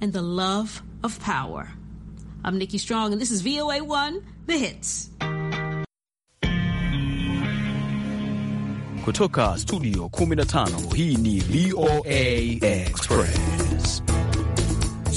and the love of power. I'm Nikki Strong, and this is VOA 1 The Hits. Kutoka studio 15 hii ni VOA Express.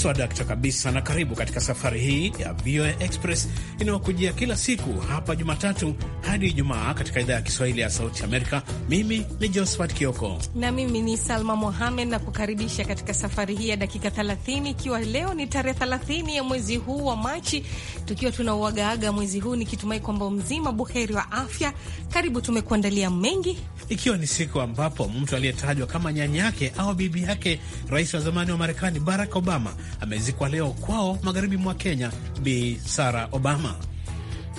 swadakta kabisa, na karibu katika safari hii ya VOA Express inayokujia kila siku hapa Jumatatu hadi Ijumaa katika idhaa ya Kiswahili ya Sauti Amerika. Mimi ni Josephat Kioko na mimi ni Salma Mohamed, na kukaribisha katika safari hii ya dakika 30, ikiwa leo ni tarehe 30 ya mwezi huu wa Machi, tukiwa tunauagaaga mwezi huu nikitumai kwamba mzima buheri wa afya. Karibu, tumekuandalia mengi, ikiwa ni siku ambapo mtu aliyetajwa kama nyanyake au bibi yake rais wa zamani wa Marekani Barack Obama amezikwa leo kwao magharibi mwa Kenya, Bi Sara Obama.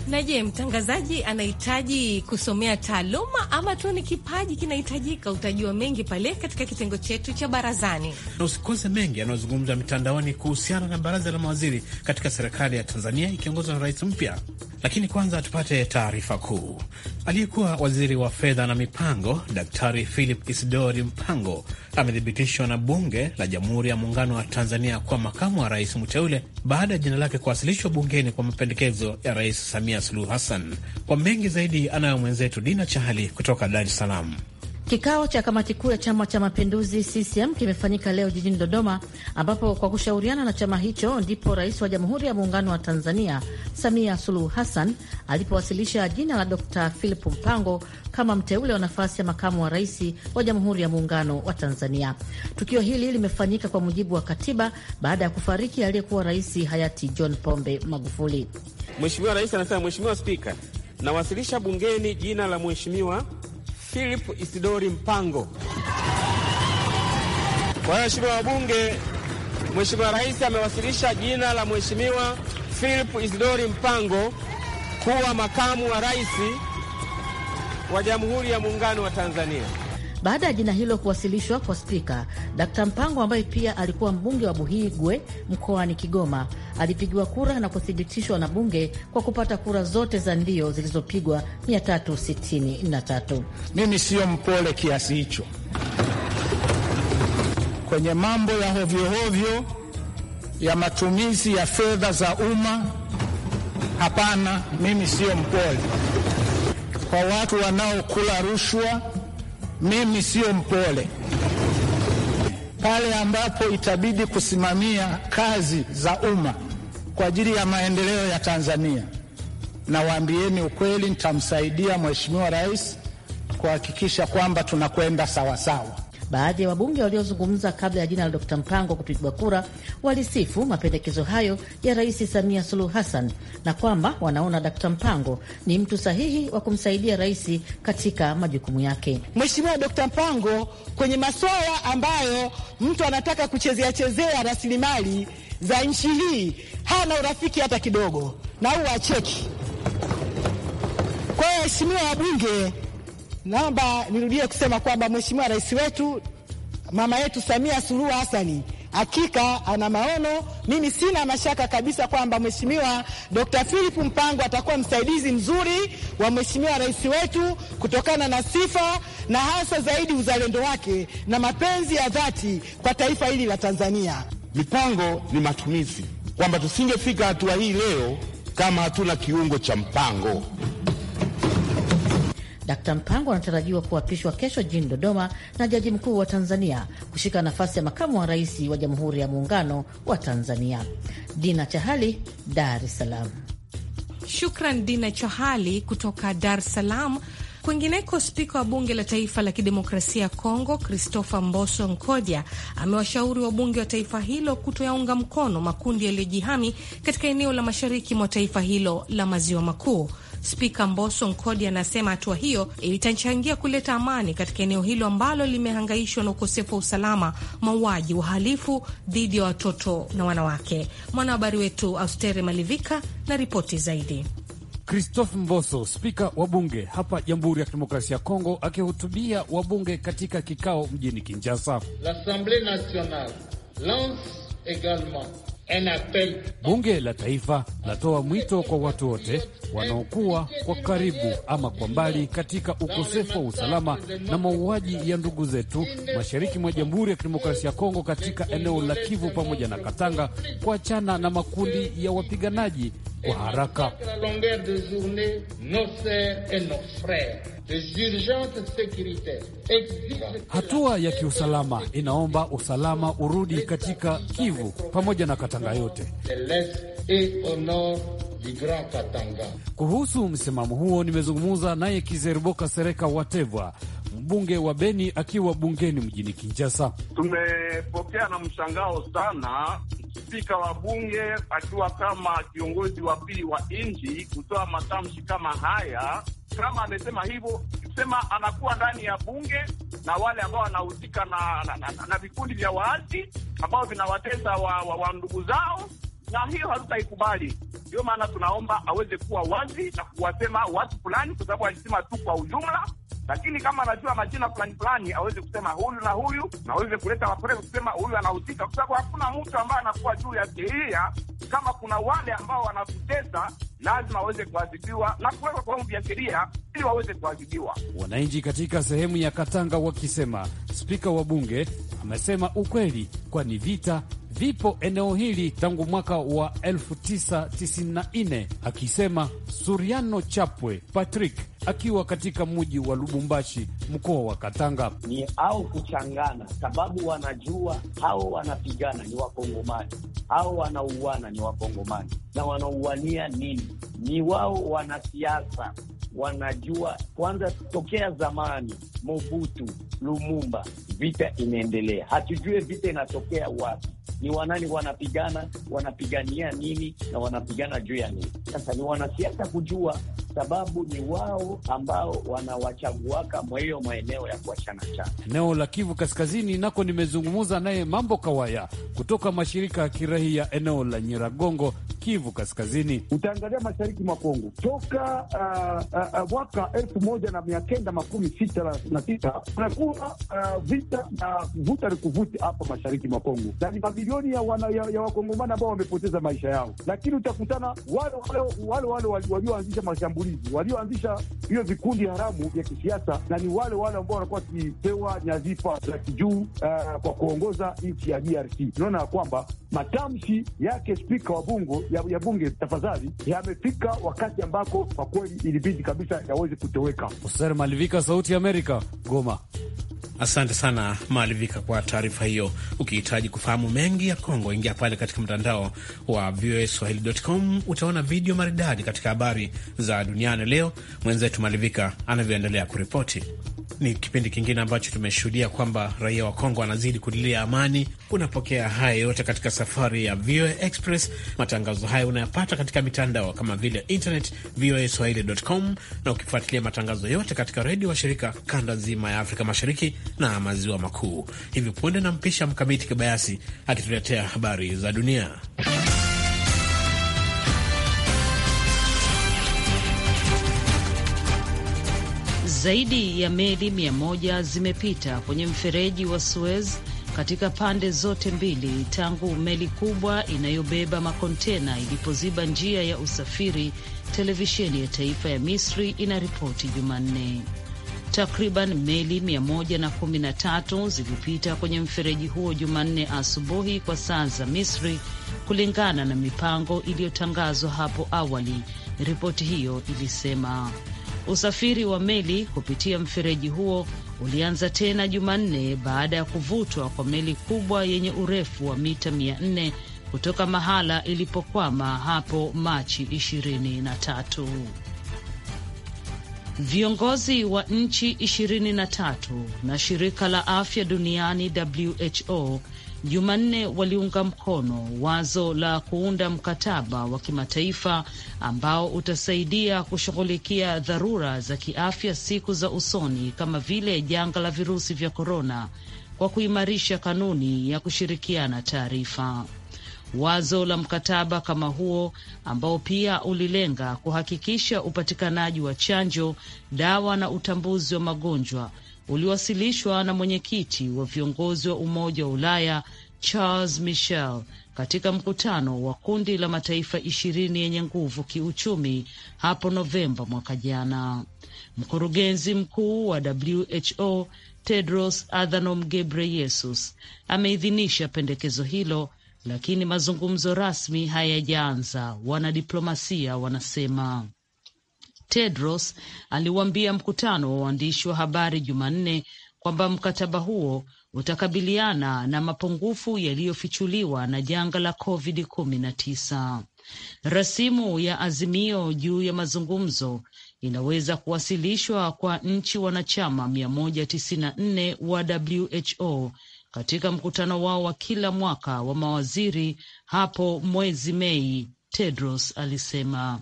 Na je, mtangazaji anahitaji kusomea taaluma ama tu ni kipaji kinahitajika? Utajua mengi pale katika kitengo chetu cha barazani, na usikose mengi yanayozungumzwa mitandaoni kuhusiana na baraza la mawaziri katika serikali ya Tanzania ikiongozwa na rais mpya. Lakini kwanza tupate taarifa kuu. Aliyekuwa waziri wa fedha na mipango Daktari Philip Isidori Mpango amethibitishwa na bunge la Jamhuri ya Muungano wa Tanzania kuwa makamu wa rais mteule baada ya jina lake kuwasilishwa bungeni kwa mapendekezo ya Rais Samia Samia Suluhu Hassan. Kwa mengi zaidi anayo mwenzetu Dina Chahali kutoka Dar es Salaam. Kikao cha kamati kuu ya Chama cha Mapinduzi CCM kimefanyika leo jijini Dodoma, ambapo kwa kushauriana na chama hicho ndipo Rais wa Jamhuri ya Muungano wa Tanzania Samia Suluhu Hassan alipowasilisha jina la Dkt. Philip Mpango kama mteule wa nafasi ya makamu wa rais wa Jamhuri ya Muungano wa Tanzania. Tukio hili limefanyika kwa mujibu wa katiba baada ya kufariki aliyekuwa rais hayati John Pombe Magufuli. Mheshimiwa Rais anasema, Mheshimiwa Spika, nawasilisha bungeni jina la Mheshimiwa Philip Isidori Mpango. Kwa hiyo wabunge, Mheshimiwa Rais amewasilisha jina la Mheshimiwa Philip Isidori Mpango kuwa makamu wa rais wa Jamhuri ya Muungano wa Tanzania. Baada ya jina hilo kuwasilishwa kwa Spika, Dkt Mpango ambaye pia alikuwa mbunge wa Buhigwe mkoani Kigoma alipigiwa kura na kuthibitishwa na bunge kwa kupata kura zote za ndio zilizopigwa 363. Mimi siyo mpole kiasi hicho kwenye mambo ya hovyohovyo ya matumizi ya fedha za umma. Hapana, mimi siyo mpole kwa watu wanaokula rushwa. Mimi siyo mpole pale ambapo itabidi kusimamia kazi za umma kwa ajili ya maendeleo ya Tanzania. Nawaambieni ukweli, nitamsaidia Mheshimiwa Rais kuhakikisha kwamba tunakwenda sawasawa. Baadhi ya wabunge waliozungumza kabla ya jina la Dkt Mpango kupigwa kura walisifu mapendekezo hayo ya Rais Samia Suluhu Hassan na kwamba wanaona Dkt Mpango ni mtu sahihi wa kumsaidia rais katika majukumu yake. Mheshimiwa Dkt Mpango kwenye masuala ambayo mtu anataka kuchezea chezea rasilimali za nchi hii hana urafiki hata kidogo, na au wacheki. Kwa hiyo, waheshimiwa wabunge, naomba nirudie kusema kwamba mheshimiwa rais wetu mama yetu Samia Suluhu hasani hakika ana maono. Mimi sina mashaka kabisa kwamba mheshimiwa Dkt. Philip Mpango atakuwa msaidizi mzuri wa mheshimiwa rais wetu kutokana na sifa na hasa zaidi uzalendo wake na mapenzi ya dhati kwa taifa hili la Tanzania. Mipango ni matumizi, kwamba tusingefika hatua hii leo kama hatuna kiungo cha mpango. Dkt Mpango anatarajiwa kuapishwa kesho jijini Dodoma na Jaji Mkuu wa Tanzania kushika nafasi ya makamu wa rais wa Jamhuri ya Muungano wa Tanzania. Dina Chahali, Dar es Salaam. Shukran Dina Chahali kutoka Dar es Salaam. Kwingineko, spika wa bunge la taifa la kidemokrasia ya Kongo Christopher Mboso Nkodia amewashauri wabunge wa taifa hilo kutoyaunga mkono makundi yaliyojihami katika eneo la mashariki mwa taifa hilo la maziwa makuu. Spika Mboso Nkodi anasema hatua hiyo itachangia kuleta amani katika eneo hilo ambalo limehangaishwa na ukosefu wa usalama, mauaji, uhalifu dhidi ya watoto na wanawake. Mwanahabari wetu Austere Malivika na ripoti zaidi. Christophe Mboso, spika wa bunge hapa Jamhuri ya Kidemokrasia ya Kongo, akihutubia wabunge katika kikao mjini Kinshasa. L'Assemblée nationale lance également Bunge la Taifa latoa mwito kwa watu wote wanaokuwa kwa karibu ama kwa mbali katika ukosefu wa usalama na mauaji ya ndugu zetu mashariki mwa Jamhuri ya Kidemokrasia ya Kongo, katika eneo la Kivu pamoja na Katanga, kuachana na makundi ya wapiganaji kwa haraka. Hatua ya kiusalama inaomba usalama urudi katika Kivu pamoja na Katanga yote. Kuhusu msimamo huo, nimezungumza naye Kizeriboka Sereka Watevwa mbunge wa Beni akiwa bungeni mjini Kinshasa. Tumepokea na mshangao sana spika wa bunge akiwa kama kiongozi wa pili wa nchi kutoa matamshi kama haya. Kama amesema hivyo, sema anakuwa ndani ya bunge na wale ambao wanahusika na, na, na, na vikundi vya waasi ambao vinawatesa wa, wa, wa ndugu zao, na hiyo hatutaikubali. Ndio maana tunaomba aweze kuwa wazi na kuwasema watu fulani, kwa sababu alisema tu kwa ujumla lakini kama anajua majina fulani fulani aweze kusema huyu na huyu, na aweze kuleta mapeleko kusema huyu anahusika, kwa sababu hakuna mtu ambaye anakuwa juu ya sheria. Kama kuna wale ambao wanakuteza, lazima waweze kuadhibiwa na kuwekwa kwa vya sheria ili waweze kuadhibiwa. Wananchi katika sehemu ya Katanga wakisema spika wa bunge amesema ukweli, kwani vita vipo eneo hili tangu mwaka wa 1994 akisema Suriano Chapwe Patrick akiwa katika mji wa Lubumbashi, mkoa wa Katanga. Ni au kuchangana, sababu wanajua hao wanapigana ni Wakongomani, hao wanauana ni Wakongomani, na wanauania nini? Ni wao wanasiasa wanajua kwanza, tokea zamani Mobutu, Lumumba, vita inaendelea, hatujue vita inatokea wapi ni wanani wanapigana, wanapigania nini na wanapigana juu ya nini. Sasa ni wanasiasa kujua, sababu ni wao ambao wanawachaguaka mwa hiyo maeneo ya kuachana chana. Eneo la Kivu Kaskazini nako nimezungumza naye Mambo Kawaya kutoka mashirika ya kirahia eneo la Nyiragongo Kivu Kaskazini. Utaangalia mashariki mwa Kongo toka uh, uh, uh, mwaka elfu moja na mia kenda makumi sita na tisa kunakuwa uh, vita na uh, vuta ni kuvuti hapa mashariki mwa Kongo, na ni mabilioni ya, ya, ya wakongomani ambao wamepoteza maisha yao, lakini utakutana wale wale wale walioanzisha mashambulizi walioanzisha hiyo vikundi haramu vya kisiasa, na ni wale wale ambao wanakuwa wakipewa nyadhifa za kijuu uh, kwa kuongoza nchi ya DRC. Tunaona ya kwamba matamshi yake spika wa bungo ya, ya bunge tafadhali, yamefika wakati ambako kwa kweli ilibidi kabisa yaweze kutoweka. Malivika, Sauti ya Amerika, Goma. Asante sana malivika kwa taarifa hiyo. Ukihitaji kufahamu mengi ya Kongo, ingia pale katika mtandao wa VOA Swahili.com. Utaona video maridadi katika habari za duniani leo, mwenzetu malivika anavyoendelea kuripoti. Ni kipindi kingine ambacho tumeshuhudia kwamba raia wa Kongo anazidi kulilia amani. Unapokea haya yote katika safari ya VOA Express. Matangazo haya unayapata katika mitandao kama vile internet, VOA Swahili.com, na ukifuatilia matangazo yote katika redio wa shirika kanda nzima ya Afrika Mashariki na maziwa makuu. Hivi punde nampisha Mkamiti Kibayasi akituletea habari za dunia. Zaidi ya meli mia moja zimepita kwenye mfereji wa Suez katika pande zote mbili tangu meli kubwa inayobeba makontena ilipoziba njia ya usafiri, televisheni ya taifa ya Misri inaripoti Jumanne. Takriban meli 113 zilipita kwenye mfereji huo Jumanne asubuhi kwa saa za Misri, kulingana na mipango iliyotangazwa hapo awali, ripoti hiyo ilisema. Usafiri wa meli kupitia mfereji huo ulianza tena Jumanne baada ya kuvutwa kwa meli kubwa yenye urefu wa mita 400 kutoka mahala ilipokwama hapo Machi 23. Viongozi wa nchi 23 na shirika la afya duniani WHO Jumanne waliunga mkono wazo la kuunda mkataba wa kimataifa ambao utasaidia kushughulikia dharura za kiafya siku za usoni kama vile janga la virusi vya korona kwa kuimarisha kanuni ya kushirikiana taarifa. Wazo la mkataba kama huo ambao pia ulilenga kuhakikisha upatikanaji wa chanjo, dawa na utambuzi wa magonjwa uliwasilishwa na mwenyekiti wa viongozi wa Umoja wa Ulaya Charles Michel katika mkutano wa kundi la mataifa ishirini yenye nguvu kiuchumi hapo Novemba mwaka jana. Mkurugenzi mkuu wa WHO Tedros Adhanom Ghebreyesus ameidhinisha pendekezo hilo lakini mazungumzo rasmi hayajaanza, wanadiplomasia wanasema. Tedros aliwaambia mkutano wa waandishi wa habari Jumanne kwamba mkataba huo utakabiliana na mapungufu yaliyofichuliwa na janga la COVID-19. Rasimu ya azimio juu ya mazungumzo inaweza kuwasilishwa kwa nchi wanachama 194 wa WHO katika mkutano wao wa kila mwaka wa mawaziri hapo mwezi Mei. Tedros alisema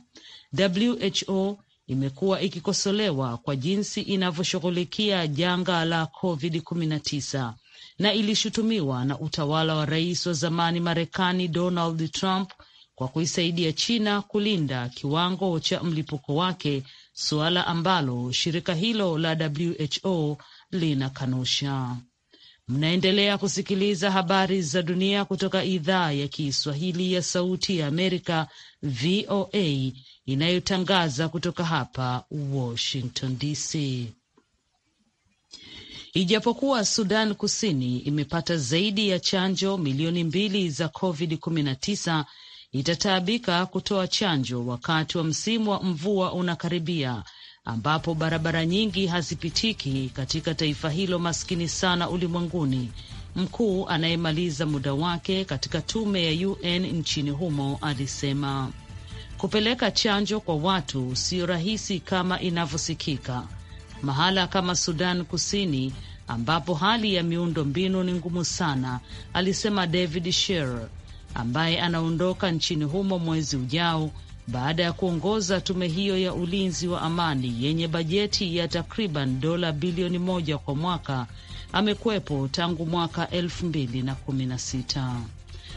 WHO imekuwa ikikosolewa kwa jinsi inavyoshughulikia janga la COVID-19 na ilishutumiwa na utawala wa rais wa zamani Marekani Donald Trump kwa kuisaidia China kulinda kiwango cha mlipuko wake, suala ambalo shirika hilo la WHO linakanusha. Mnaendelea kusikiliza habari za dunia kutoka idhaa ya Kiswahili ya Sauti ya Amerika, VOA, inayotangaza kutoka hapa Washington DC. Ijapokuwa Sudan Kusini imepata zaidi ya chanjo milioni mbili za COVID-19, itataabika kutoa chanjo wakati wa msimu wa mvua unakaribia ambapo barabara nyingi hazipitiki katika taifa hilo maskini sana ulimwenguni. Mkuu anayemaliza muda wake katika tume ya UN nchini humo alisema kupeleka chanjo kwa watu siyo rahisi kama inavyosikika. Mahala kama Sudan Kusini ambapo hali ya miundo mbinu ni ngumu sana, alisema David Sher ambaye anaondoka nchini humo mwezi ujao baada ya kuongoza tume hiyo ya ulinzi wa amani yenye bajeti ya takriban dola bilioni moja kwa mwaka. amekwepo tangu mwaka 216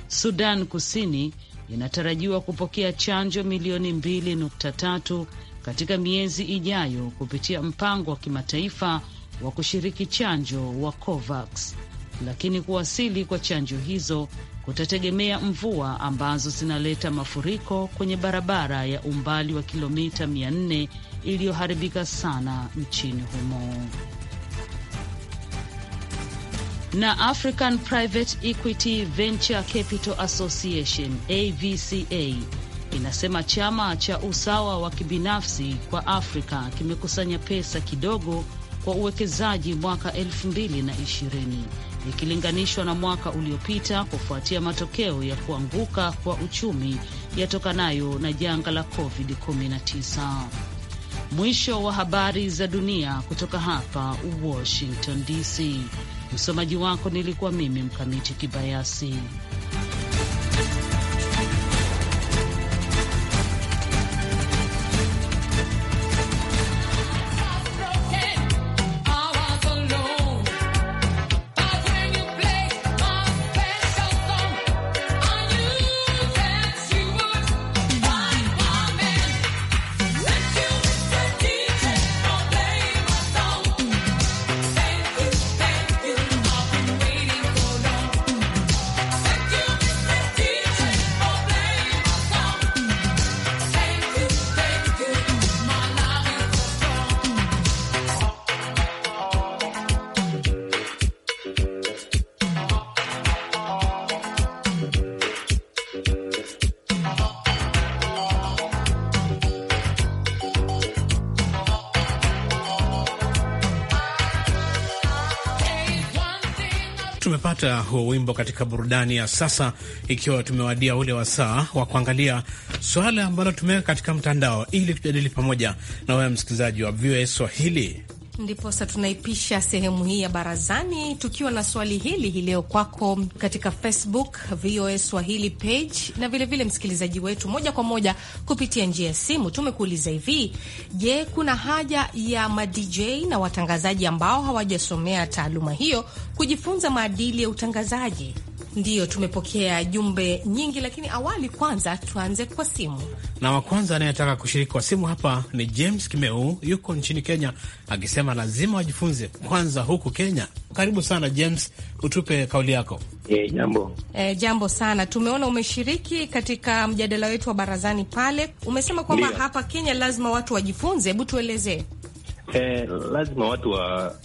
Sudan Kusini inatarajiwa kupokea chanjo milioni 23 katika miezi ijayo kupitia mpango wa kimataifa wa kushiriki chanjo wa COVAX, lakini kuwasili kwa chanjo hizo kutategemea mvua ambazo zinaleta mafuriko kwenye barabara ya umbali wa kilomita 400 iliyoharibika sana nchini humo. Na African Private Equity Venture Capital Association AVCA inasema chama cha usawa wa kibinafsi kwa Afrika kimekusanya pesa kidogo kwa uwekezaji mwaka 2020 ikilinganishwa na mwaka uliopita kufuatia matokeo ya kuanguka kwa uchumi yatokanayo na janga la COVID-19. Mwisho wa habari za dunia kutoka hapa Washington DC. Msomaji wako nilikuwa mimi Mkamiti Kibayasi. kupata huo wimbo katika burudani ya sasa, ikiwa tumewadia ule wasaa wa kuangalia swala ambalo tumeweka katika mtandao ili tujadili pamoja na wewe msikilizaji wa VOA Swahili. Ndiposa tunaipisha sehemu hii ya barazani tukiwa na swali hili hii leo kwako katika Facebook VOA Swahili page, na vilevile msikilizaji wetu moja kwa moja kupitia njia ya simu. Tumekuuliza hivi, je, kuna haja ya madj na watangazaji ambao hawajasomea taaluma hiyo kujifunza maadili ya utangazaji? Ndiyo, tumepokea jumbe nyingi, lakini awali kwanza tuanze kwa simu, na wa kwanza anayetaka kushiriki kwa simu hapa ni James Kimeu, yuko nchini Kenya, akisema lazima wajifunze kwanza huku Kenya. Karibu sana James, utupe kauli yako. E, jambo. E, jambo sana. Tumeona umeshiriki katika mjadala wetu wa barazani pale, umesema kwamba hapa Kenya lazima watu wajifunze. Hebu tuelezee. E, lazima watu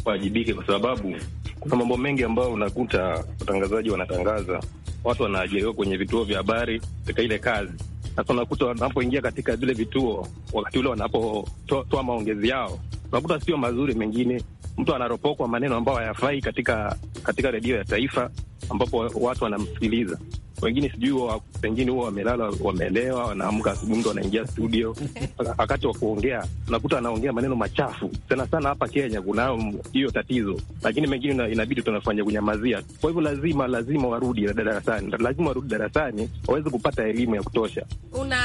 wawajibike kwa sababu kuna mambo mengi ambayo unakuta watangazaji wanatangaza, watu wanaajiriwa kwenye vituo vya habari katika ile kazi. Sasa unakuta wanapoingia katika vile vituo, wakati ule wanapotoa maongezi yao, unakuta sio mazuri, mengine mtu anaropokwa maneno ambayo hayafai katika katika redio ya taifa ambapo watu wanamsikiliza wengine sijui pengine huwa wamelala, wamelewa, wanaamka asubuhi, mtu anaingia studio wakati wa kuongea unakuta anaongea maneno machafu sana sana. Hapa Kenya kuna hiyo tatizo, lakini mengine inabidi tunafanya kunyamazia. Kwa hivyo lazima lazima warudi darasani, lazima warudi darasani waweze kupata elimu ya kutosha. Una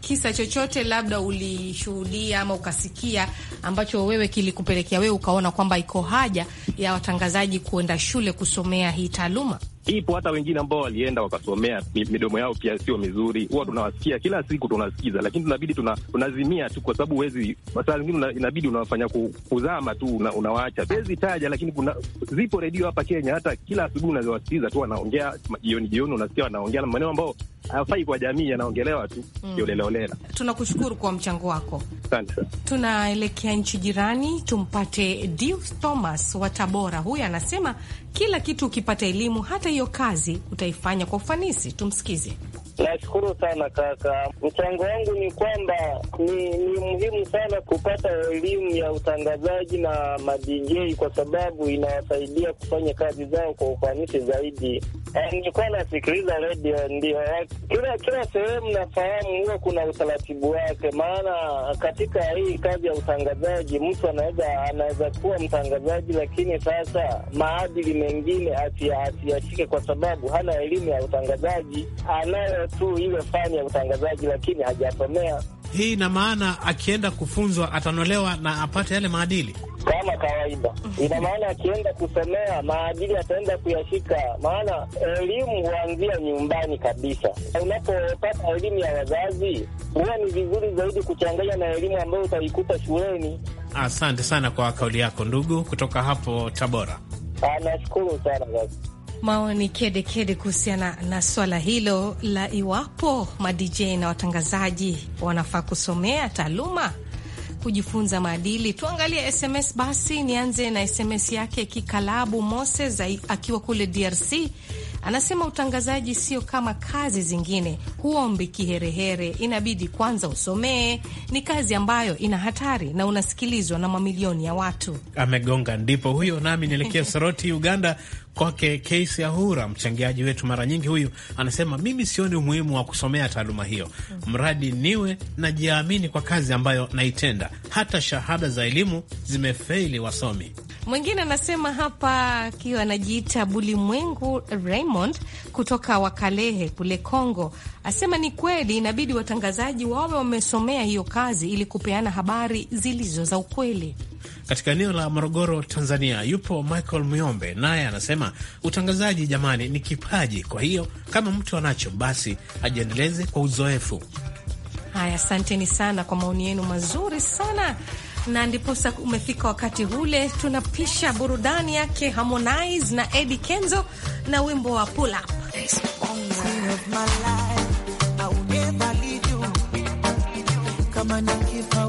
kisa chochote labda ulishuhudia ama ukasikia ambacho wewe kilikupelekea wewe ukaona kwamba iko haja ya watangazaji kuenda shule kusomea hii taaluma? ipo hata wengine ambao walienda wakasomea, midomo yao pia sio mizuri, huwa tunawasikia kila siku tunasikiza, lakini tunabidi tunazimia tu, kwa sababu huwezi, saa zingine inabidi unawafanya kuzama tu, unawaacha. Siwezi taja, lakini kuna zipo redio hapa Kenya, hata kila asubuhi unazowasikiza tu, wanaongea jioni jioni, unasikia wanaongea maneno ambao hafai kwa jamii, anaongelewa tu mm, kiolelaolela. Tunakushukuru kwa mchango wako, asante sana. Tunaelekea nchi jirani, tumpate Dio Thomas wa Tabora. Huyu anasema kila kitu ukipata elimu, hata hiyo kazi utaifanya kwa ufanisi. Tumsikize. Nashukuru sana kaka. Mchango wangu ni kwamba ni, ni muhimu sana kupata elimu ya utangazaji na madijei kwa sababu inawasaidia kufanya kazi zao kwa ufanisi zaidi. Eh, nilikuwa nasikiliza redio, ndio kila kila sehemu nafahamu huwa kuna utaratibu wake, maana katika hii kazi ya utangazaji mtu anaweza anaweza kuwa mtangazaji, lakini sasa maadili mengine asiyashike, kwa sababu hana elimu ya utangazaji anayo tu ile fani ya utangazaji, lakini hajasomea hii. Ina maana akienda kufunzwa atanolewa na apate yale maadili kama kawaida. Ina maana akienda kusomea maadili ataenda kuyashika, maana elimu huanzia nyumbani kabisa. Unapopata elimu ya wazazi, huwa ni vizuri zaidi kuchanganya na elimu ambayo utaikuta shuleni. Asante sana kwa kauli yako ndugu, kutoka hapo Tabora. Ah, nashukuru sana basi maoni kede kede kuhusiana na swala hilo la iwapo madj na watangazaji wanafaa kusomea taaluma kujifunza maadili. Tuangalie SMS basi, nianze na SMS yake Kikalabu Moses akiwa kule DRC. Anasema utangazaji sio kama kazi zingine, huombi kiherehere, inabidi kwanza usomee. Ni kazi ambayo ina hatari na unasikilizwa na mamilioni ya watu. Amegonga ndipo huyo. Nami nielekea Soroti, Uganda, kwake Kesi Ahura, mchangiaji wetu mara nyingi huyu, anasema mimi sioni umuhimu wa kusomea taaluma hiyo, mradi niwe najiamini kwa kazi ambayo naitenda. Hata shahada za elimu zimefeili wasomi. Mwingine anasema hapa akiwa anajiita Bulimwengu Raymond kutoka Wakalehe kule Kongo, asema ni kweli inabidi watangazaji wawe wamesomea hiyo kazi ili kupeana habari zilizo za ukweli. Katika eneo la Morogoro, Tanzania, yupo Michael Myombe, naye anasema utangazaji, jamani, ni kipaji. Kwa hiyo kama mtu anacho basi ajiendeleze kwa uzoefu. Haya, asanteni sana kwa maoni yenu mazuri sana na ndiposa umefika wakati ule tunapisha burudani yake Harmonize na Eddie Kenzo na wimbo wa Pull Up. Kama nikifa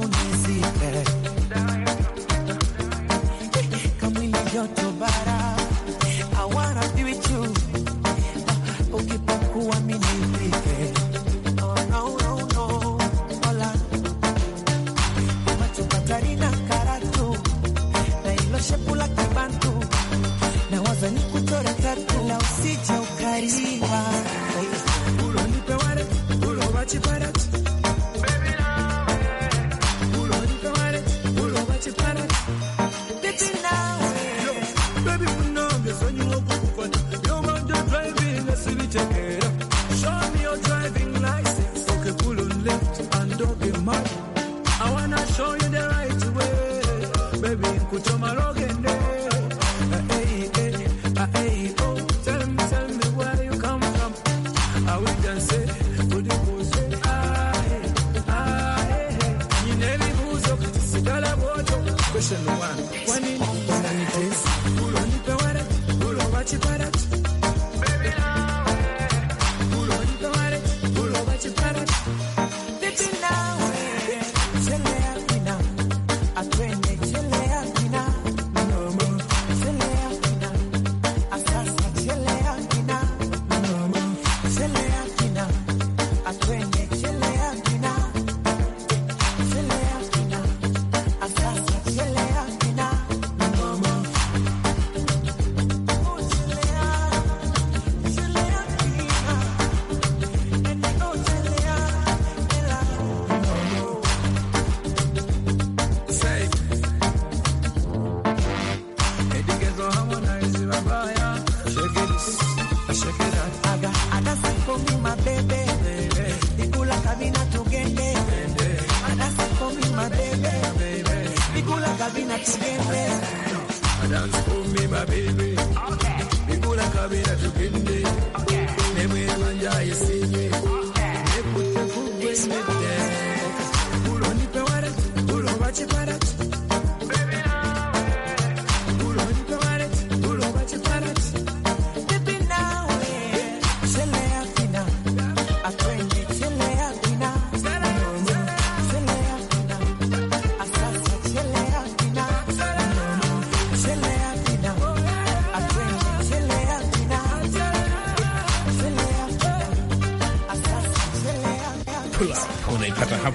dance for me, my baby. Okay. Me gonna come in at the Okay. Me will manja you see me. Okay. Me put the food in me there. Ulo nipe wara, ulo wachi para.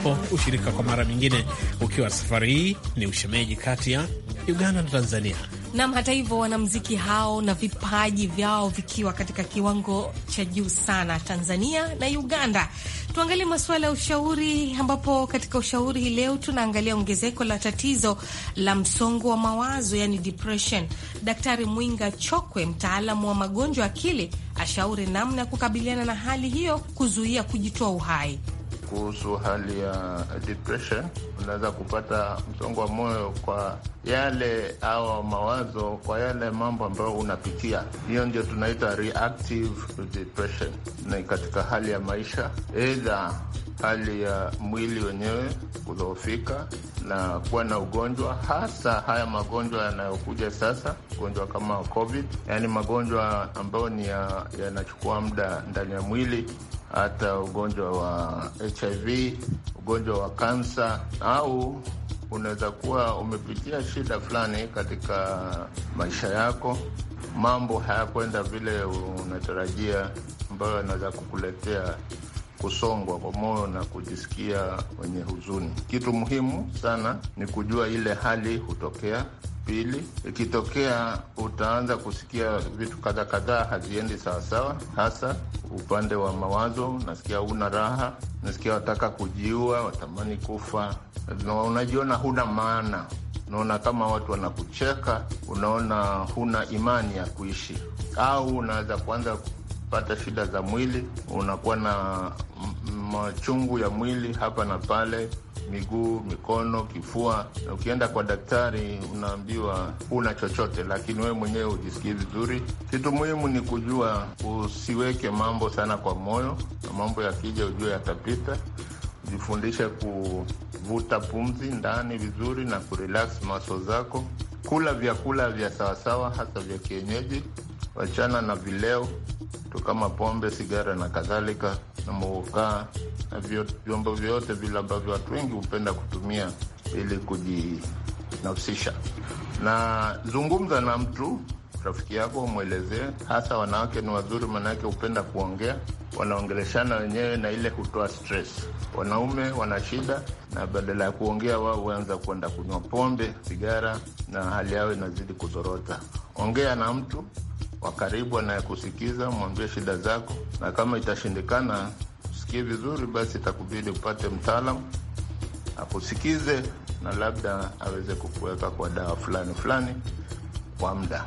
ambapo ushirika kwa mara nyingine ukiwa safari hii ni ushemeji kati ya Uganda na Tanzania. Nam, hata hivyo, wanamziki hao na vipaji vyao vikiwa katika kiwango cha juu sana Tanzania na Uganda. Tuangalie masuala ya ushauri, ambapo katika ushauri hii leo tunaangalia ongezeko la tatizo la msongo wa mawazo, yani depression. Daktari Mwinga Chokwe, mtaalamu wa magonjwa akili, ashauri namna ya kukabiliana na hali hiyo, kuzuia kujitoa uhai kuhusu hali ya depression. Unaweza kupata msongo wa moyo kwa yale au mawazo, kwa yale mambo ambayo unapitia. Hiyo ndio tunaita reactive depression, na katika hali ya maisha, aidha hali ya mwili wenyewe kudhoofika na kuwa na ugonjwa, hasa haya magonjwa yanayokuja sasa, ugonjwa kama COVID, yaani magonjwa ambayo ni yanachukua ya muda ndani ya mwili hata ugonjwa wa HIV, ugonjwa wa kansa, au unaweza kuwa umepitia shida fulani katika maisha yako, mambo hayakwenda vile unatarajia, ambayo yanaweza kukuletea kusongwa kwa moyo na kujisikia wenye huzuni. Kitu muhimu sana ni kujua ile hali hutokea Pili, ikitokea utaanza kusikia vitu kadha kadhaa haziendi sawasawa, hasa upande wa mawazo. Nasikia huna raha, nasikia wataka kujiua, watamani kufa, na unajiona huna maana, unaona kama watu wanakucheka, unaona huna imani ya kuishi, au unaweza kuanza kupata shida za mwili, unakuwa na machungu ya mwili hapa na pale, miguu, mikono, kifua. Ukienda kwa daktari unaambiwa huna chochote, lakini wewe mwenyewe hujisikii vizuri. Kitu muhimu ni kujua, usiweke mambo sana kwa moyo, na mambo yakija ujue yatapita. Jifundishe kuvuta pumzi ndani vizuri na kurelax maso zako. Kula vyakula vya sawasawa, hasa vya kienyeji wachana na vileo tu kama pombe, sigara na kadhalika, na mokaa na vyombo vyote vile ambavyo watu wengi hupenda kutumia ili kujinafsisha. Na zungumza na mtu rafiki yako, umwelezee. Hasa wanawake ni wazuri, maanake hupenda kuongea, wanaongeleshana wenyewe na ile hutoa stress. Wanaume wana shida, na badala ya kuongea wao huanza kuenda kunywa pombe, sigara, na hali yao inazidi kuzorota. Ongea na mtu wa karibu anayekusikiza, mwambie shida zako, na kama itashindikana usikie vizuri, basi itakubidi upate mtaalam akusikize, na labda aweze kukuweka kwa dawa fulani fulani kwa muda.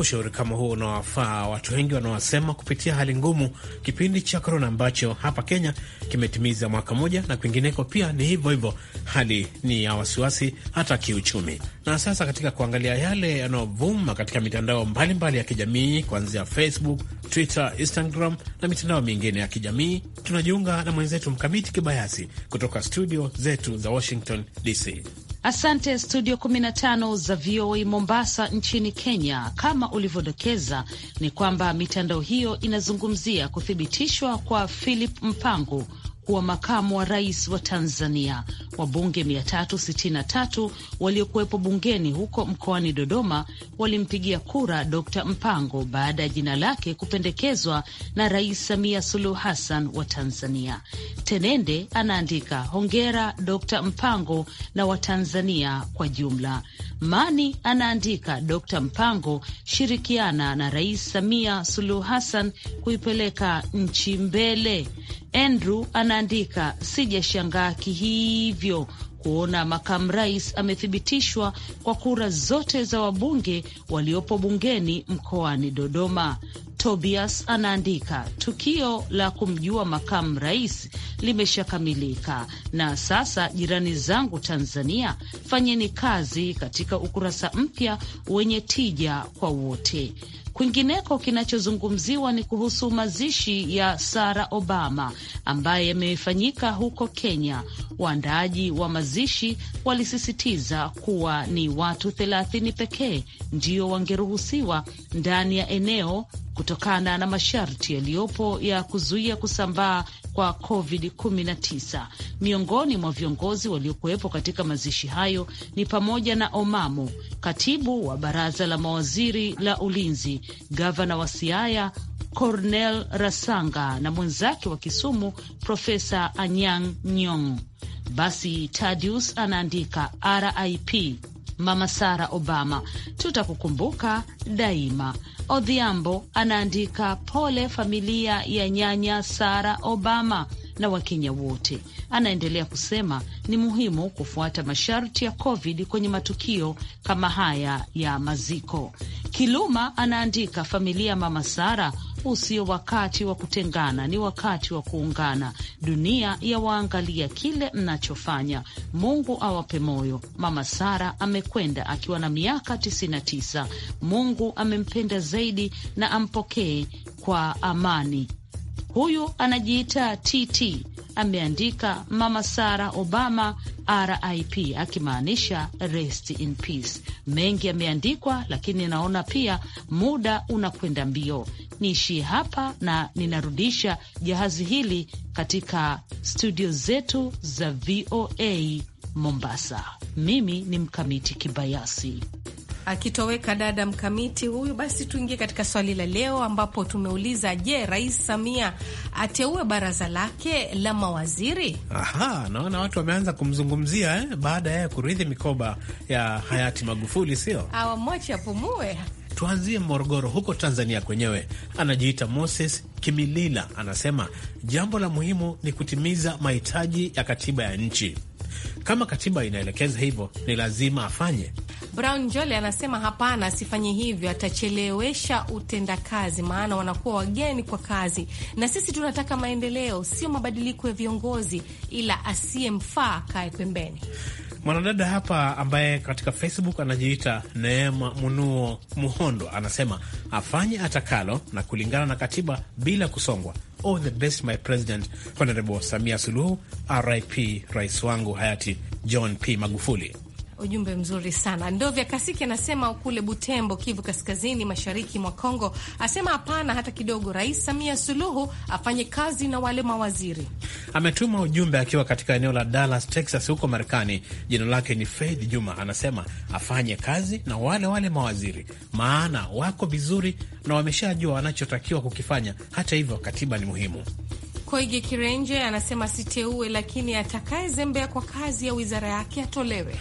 Ushauri kama huo unawafaa watu wengi wanaosema kupitia hali ngumu kipindi cha korona ambacho hapa Kenya kimetimiza mwaka moja na kwingineko pia ni hivyo hivyo, hali ni ya wasiwasi hata kiuchumi. Na sasa katika kuangalia yale yanayovuma katika mitandao mbalimbali mbali ya kijamii kuanzia Facebook, Twitter, Instagram na mitandao mingine ya kijamii, tunajiunga na mwenzetu Mkamiti Kibayasi kutoka studio zetu za Washington DC. Asante studio 15 za VOA Mombasa nchini Kenya. Kama ulivyodokeza, ni kwamba mitandao hiyo inazungumzia kuthibitishwa kwa Philip Mpango kuwa makamu wa rais wa Tanzania. Wabunge 363 waliokuwepo bungeni huko mkoani Dodoma walimpigia kura d Mpango baada ya jina lake kupendekezwa na Rais Samia Suluhu Hassan wa Tanzania. Tenende anaandika hongera d Mpango na Watanzania kwa jumla. Mani anaandika d Mpango, shirikiana na Rais Samia Suluhu Hassan kuipeleka nchi mbele. Andrew anaandika, sijashangaa kihivyo kuona makamu rais amethibitishwa kwa kura zote za wabunge waliopo bungeni mkoani Dodoma. Tobias anaandika tukio la kumjua makamu rais limeshakamilika, na sasa jirani zangu Tanzania, fanyeni kazi katika ukurasa mpya wenye tija kwa wote. Kwingineko, kinachozungumziwa ni kuhusu mazishi ya sara Obama ambaye yamefanyika huko Kenya. Waandaaji wa mazishi walisisitiza kuwa ni watu thelathini pekee ndio wangeruhusiwa ndani ya eneo kutokana na masharti yaliyopo ya kuzuia kusambaa kwa COVID-19. Miongoni mwa viongozi waliokuwepo katika mazishi hayo ni pamoja na Omamo, katibu wa baraza la mawaziri la ulinzi, gavana wa Siaya Cornel Rasanga na mwenzake wa Kisumu Profesa Anyang' Nyong'. Basi Tadius anaandika RIP Mama Sara Obama, tutakukumbuka daima. Odhiambo anaandika pole familia ya nyanya Sara Obama na Wakenya wote. Anaendelea kusema ni muhimu kufuata masharti ya COVID kwenye matukio kama haya ya maziko. Kiluma anaandika familia Mama Sara huu sio wakati wa kutengana, ni wakati wa kuungana. Dunia yawaangalia kile mnachofanya. Mungu awape moyo. Mama Sara amekwenda akiwa na miaka 99. Mungu amempenda zaidi na ampokee kwa amani Huyu anajiita TT ameandika Mama Sara Obama RIP, akimaanisha rest in peace. Mengi yameandikwa, lakini naona pia muda unakwenda mbio. Niishie hapa na ninarudisha jahazi hili katika studio zetu za VOA Mombasa. Mimi ni Mkamiti Kibayasi akitoweka dada mkamiti huyu. Basi tuingie katika swali la leo, ambapo tumeuliza je, Rais Samia ateue baraza lake la mawaziri? Aha, naona watu wameanza kumzungumzia eh, baada ya kurithi mikoba ya hayati Magufuli, sio awamwache apumue. Tuanzie Morogoro huko Tanzania kwenyewe. Anajiita Moses Kimilila, anasema jambo la muhimu ni kutimiza mahitaji ya katiba ya nchi kama katiba inaelekeza hivyo, ni lazima afanye. Brown Jole anasema hapana, asifanye hivyo, atachelewesha utendakazi, maana wanakuwa wageni kwa kazi, na sisi tunataka maendeleo, sio mabadiliko ya viongozi, ila asiyemfaa kae pembeni. Mwanadada hapa ambaye katika Facebook anajiita Neema Munuo Muhondo anasema afanye atakalo na kulingana na katiba bila kusongwa all the best my president, Honorable Samia Suluhu, RIP rais wangu hayati John P Magufuli. Ujumbe mzuri sana. Ndovya Kasiki anasema kule Butembo, Kivu Kaskazini, mashariki mwa Kongo, asema hapana hata kidogo, Rais Samia Suluhu afanye kazi na wale mawaziri. Ametuma ujumbe akiwa katika eneo la Dallas, Texas, huko Marekani. Jina lake ni Fred Juma, anasema afanye kazi na wale wale mawaziri, maana wako vizuri na wameshajua wanachotakiwa kukifanya. Hata hivyo, katiba ni muhimu. Koige Kirenje anasema siteue, lakini zembea kwa kazi ya wizara yake atolewe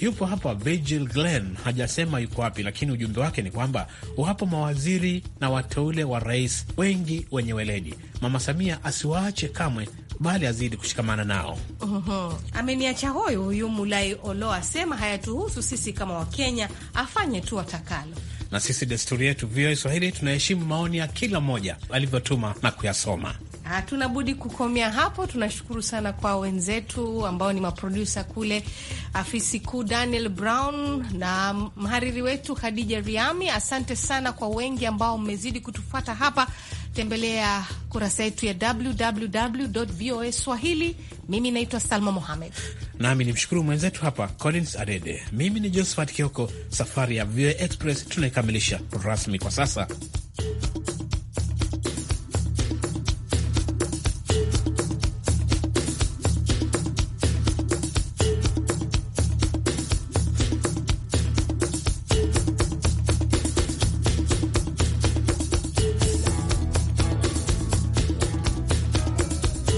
yupo hapa Virgil Glen, hajasema yuko wapi, lakini ujumbe wake ni kwamba wapo mawaziri na wateule wa rais wengi wenye weledi. Mama Samia asiwaache kamwe, bali azidi kushikamana nao. Oho, ameniacha hoyo huyu Mulai Olo, asema hayatuhusu sisi kama Wakenya, afanye tu watakalo na sisi desturi yetu VOA Swahili tunaheshimu maoni ya kila mmoja alivyotuma na kuyasoma hatuna ah, budi kukomea hapo. Tunashukuru sana kwa wenzetu ambao ni maprodusa kule afisi kuu, Daniel Brown na mhariri wetu Khadija Riami. Asante sana kwa wengi ambao mmezidi kutufata hapa. Tembelea kurasa yetu ya www voa swahili. Mimi naitwa Salma Mohamed nami ni mshukuru mwenzetu hapa Collins Adede. Mimi ni Josephat Kioko. Safari ya VOA Express tunaikamilisha rasmi kwa sasa.